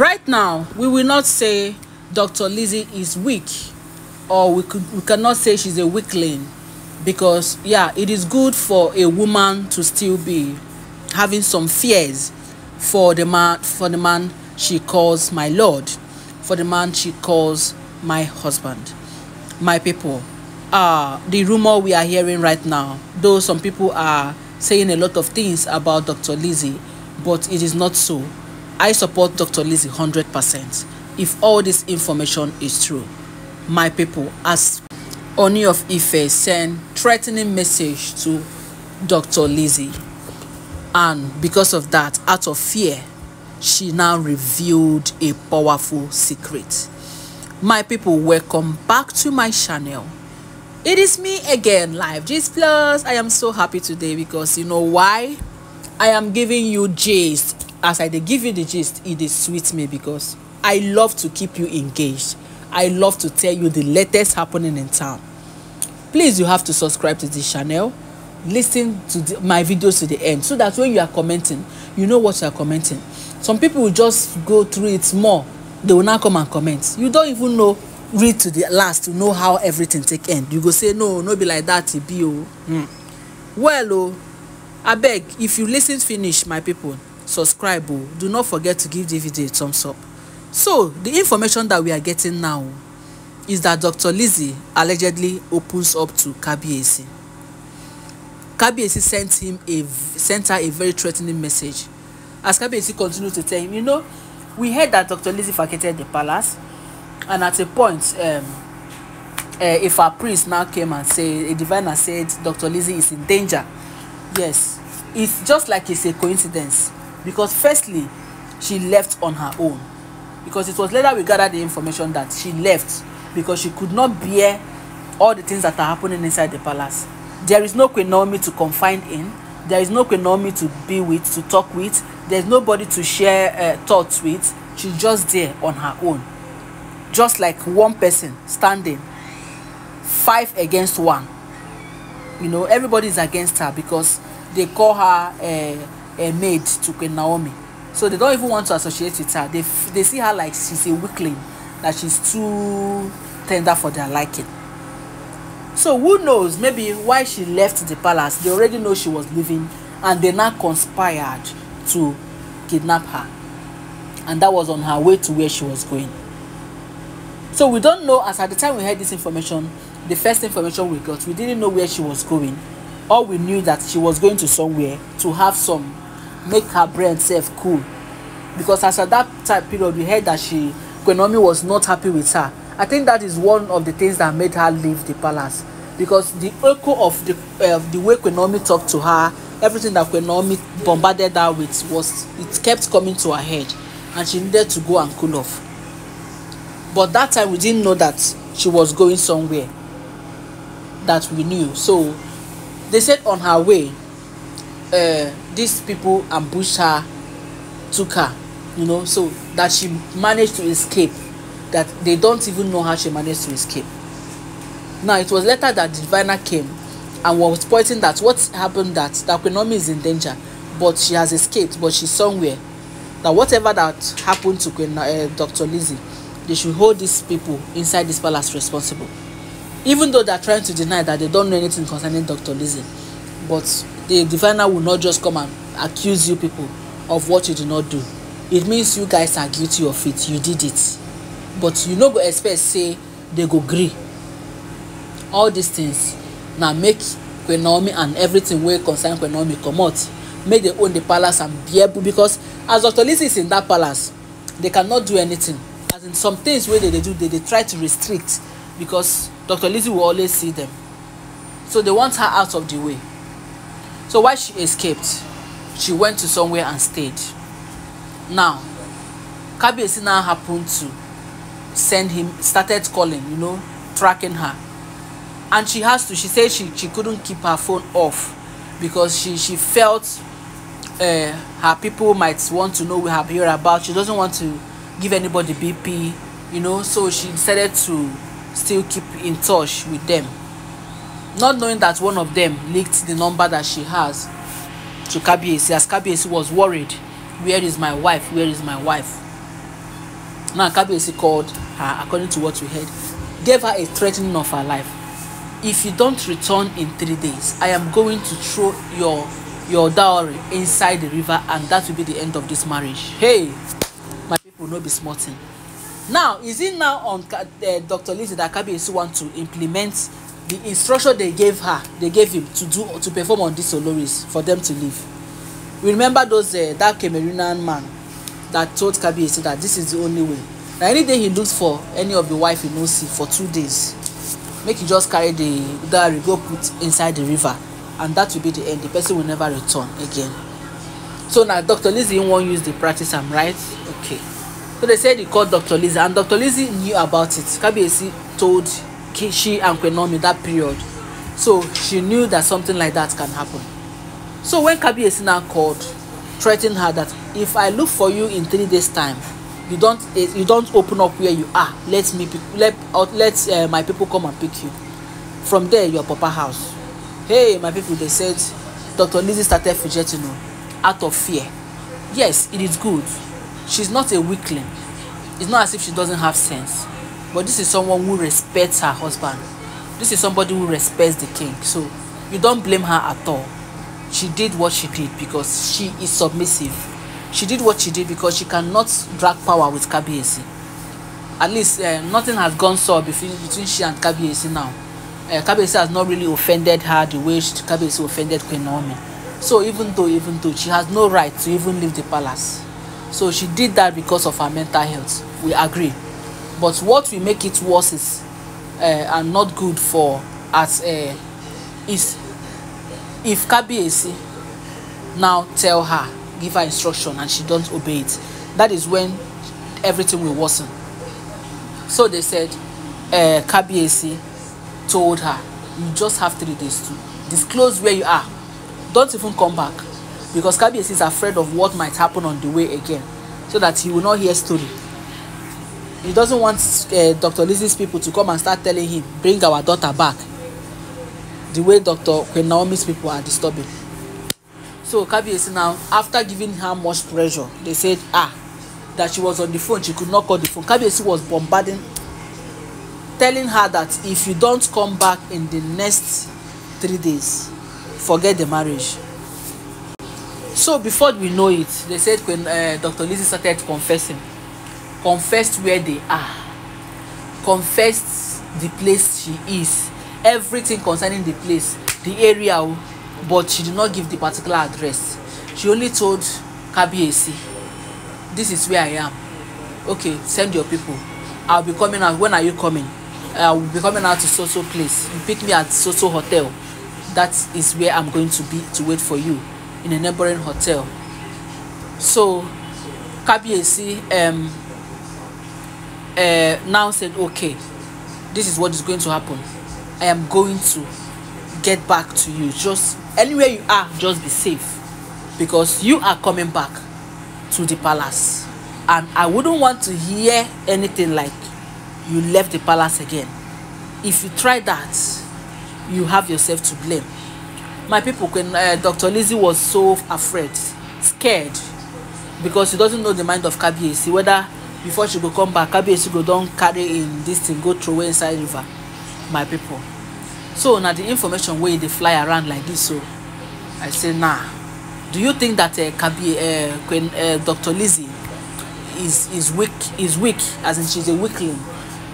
Right now, we will not say Dr. Lizzie is weak or we, could, we cannot say she's a weakling because, yeah, it is good for a woman to still be having some fears for the man, for the man she calls my Lord, for the man she calls my husband, my people. Uh, the rumor we are hearing right now, though some people are saying a lot of things about Dr. Lizzie, but it is not so. I support Dr. Lizzie 100% if all this information is true. My people, as Oni of Ife sent threatening message to Dr. Lizzie and because of that, out of fear, she now revealed a powerful secret. My people, welcome back to my channel. It is me again, Live Gist Plus. I am so happy today because you know why? I am giving you gist as i dey give you the gist e dey sweet me because i love to keep you engaged i love to tell you the latest happening in town please you have to subscribe to this channel listen to the, my videos to the end so that when you are commenting you know what you are commenting some people will just go through it more they will now come and comment you don't even know read to the last to know how everything take end you go say no no be like that e be o oh. mm. well o oh, abeg if you lis ten finish my people subscribe o do not forget to give the video a thumbs up so the information that we are getting now is that dr lizzie allegedly opens up to kabiyesi kabiyesi sent him a sent her a very threatening message as kabiyesi continued to tell him you know we heard that dr lizzie vacated the palace and at a point um, uh, if her priest now came and say a diviner said dr lizzie is in danger yes it's just like it's a coincidence because firstly she left on her own because it was later we gathered the information that she left because she could not bear all the things that are happening inside the palace there is no Queen Naomi to confine in there is no Queen Naomi to be with to talk with There is nobody to share uh, thoughts with she's just there on her own just like one person standing five against one you know everybody's against her because they call her uh, a maid to Queen Naomi. So they don't even want to associate with her. They, they see her like she's a weakling, that she's too tender for their liking. So who knows, maybe why she left the palace, they already know she was leaving and they now conspired to kidnap her. And that was on her way to where she was going. So we don't know, as at the time we heard this information, the first information we got, we didn't know where she was going. All we knew that she was going to somewhere to have some make her brain sef cool because as at that time period we heard that she Kwenomi was not happy with her I think that is one of the things that made her leave the palace because the echo of the uh, the way Kwenomi talked to her everything that Kwenomi bombarded her with was it kept coming to her head and she needed to go and cool off but that time we didn't know that she was going somewhere that we knew so they said on her way uh, these people ambushed her took her you know so that she managed to escape that they don't even know how she managed to escape now it was later that the diviner came and was pointing that what happened that the Kwenomi is in danger but she has escaped but she's somewhere that whatever that happened to Queen, uh, Dr. Lizzie they should hold these people inside this palace responsible even though they're trying to deny that they don't know anything concerning Dr. Lizzie but the diviner will not just come and accuse you people of what you did not do it means you guys are guilty of it you did it but you no go expect say they go gree all these things na make queen and everything wey concern queen naomi comot make they own the palace and be able because as dr lizzy is in that palace they cannot do anything as in some things wey they dey do they dey try to restrict because dr lizzy will always see them so they want her out of the way So why she escaped? She went to somewhere and stayed. Now, Kabiyesi now happened to send him, started calling, you know, tracking her. And she has to, she said she, she couldn't keep her phone off because she, she felt uh, her people might want to know we have here about. She doesn't want to give anybody BP, you know, so she decided to still keep in touch with them not knowing that one of them leaked the number that she has to Kabiesi as Kabiesi was worried where is my wife where is my wife now Kabiesi called her according to what we heard gave her a threatening of her life if you don't return in three days I am going to throw your your dowry inside the river and that will be the end of this marriage hey my people not be small now is it now on uh, eh, Dr. Lizzie that Kabiesi want to implement the instruction they gave her they gave him to do to perform on these oloris for them to leave we remember those uh, that cameroonian man that told Kabi kabiyesi that this is the only way na any day he looks for any of the wife he no see for two days make he just carry the dowry go put inside the river and that will be the end the person will never return again so na dr Lizzie wan use the practice am right okay so they say they call dr Lizzie, and dr Lizzie knew about it Kabi kabiyesi told she and Kwenomi that period. So she knew that something like that can happen. So when Kabi now called, threatened her that if I look for you in three days' time, you don't eh, you don't open up where you are. Let me pick, let uh, let uh, my people come and pick you. From there, your papa house. Hey, my people, they said, Doctor Lizzie started fidgeting oh, out of fear. Yes, it is good. She's not a weakling. It's not as if she doesn't have sense. But this is someone who respects her husband. This is somebody who respects the king. So you don't blame her at all. She did what she did because she is submissive. She did what she did because she cannot drag power with Kabiesi. At least uh, nothing has gone so between, between she and Kabiesi now. Uh, has not really offended her the way she, offended Queen Naomi. So even though, even though, she has no right to even leave the palace. So she did that because of her mental health. We agree but what will make it worse is uh, and not good for as uh, is if kabiyesi now tell her give her instruction and she don't obey it that is when everything will worsen so they said uh, told her you just have three days to disclose where you are don't even come back because kabiyesi is afraid of what might happen on the way again so that he will not hear story he doesn't want uh, eh, dr lizzy's people to come and start telling him bring our daughter back the way dr queen naomi's people are disturbing so kabiyesi now after giving her much pressure they said ah that she was on the phone she could not call the phone kabiyesi was bombarding telling her that if you don't come back in the next three days forget the marriage so before we know it they said when uh, eh, dr lizzy started confessing confessed where they are confessed the place she is everything concerning the place the area but she did not give the particular address she only told kabiyesi this is where i am okay send your people i'll be coming out when are you coming i will be coming out to so so place you pick me at so so hotel that is where i'm going to be to wait for you in a neighboring hotel so kabiyesi um, uh, now said okay this is what is going to happen i am going to get back to you just anywhere you are just be safe because you are coming back to the palace and i wouldn't want to hear anything like you left the palace again if you try that you have yourself to blame my people when uh, eh, dr lizzie was so afraid scared because she doesn't know the mind of kabiyesi whether before she go come back kabiyesi go don carry im dis thing go throw throway inside river my people so na the information wey dey fly around like this so i say nah do you think that uh, eh, kabi uh, eh, Queen, uh, eh, dr lizzie is is weak is weak as in she's a weakling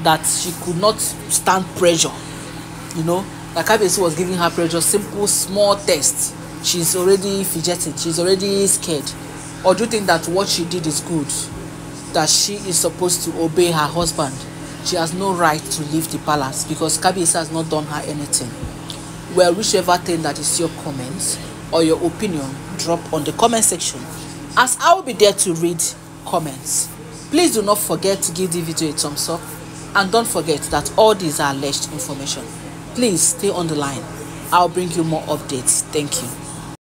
that she could not stand pressure you know like kabiyesi was giving her pressure simple small test she's already fidgeting she's already scared or do you think that what she did is good that she is supposed to obey her husband. She has no right to leave the palace because Kabisa has not done her anything. Well, whichever thing that is your comments or your opinion, drop on the comment section as I will be there to read comments. Please do not forget to give the video a thumbs up and don't forget that all these are alleged information. Please stay on the line. I'll bring you more updates. Thank you.